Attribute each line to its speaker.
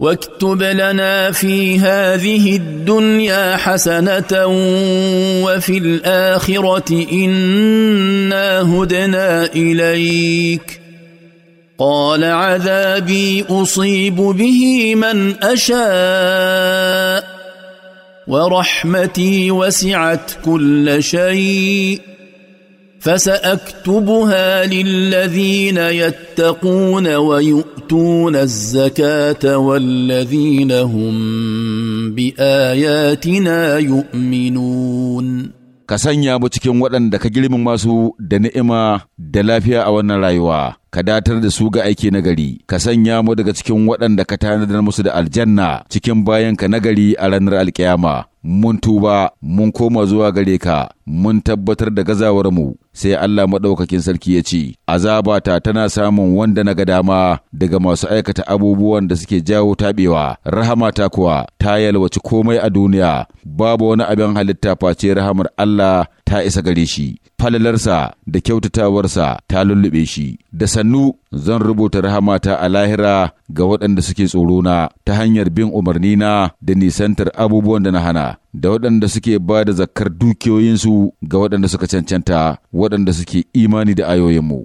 Speaker 1: واكتب لنا في هذه الدنيا حسنه وفي الاخره انا هدنا اليك قال عذابي اصيب به من اشاء ورحمتي وسعت كل شيء فساكتبها للذين يتقون ويؤتون الزكاه
Speaker 2: والذين هم باياتنا يؤمنون ka sanya mu cikin waɗanda ka girmama masu da ni'ima da lafiya a wannan rayuwa ka datar da su ga aiki na gari. ka sanya mu daga cikin waɗanda ka tanadar musu da aljanna cikin bayanka gari a ranar alkiyama mun tuba mun koma zuwa gare ka mun tabbatar da gazawar mu sai Allah maɗaukakin sarki ya ce azabata tana samun wanda na ga dama daga masu aikata abubuwan da suke jawo taɓewa ta kuwa ta yalwaci komai a duniya babu wani abin halitta face rahamar Allah ta isa gare shi falalarsa da kyautatawarsa ta lullube shi da sannu zan rubuta rahamata a lahira ga waɗanda suke tsoro na ta hanyar bin umarnina da nisantar abubuwan da na hana da waɗanda suke ba da zakkar dukiyoyinsu ga waɗanda suka cancanta waɗanda suke imani da ayoyinmu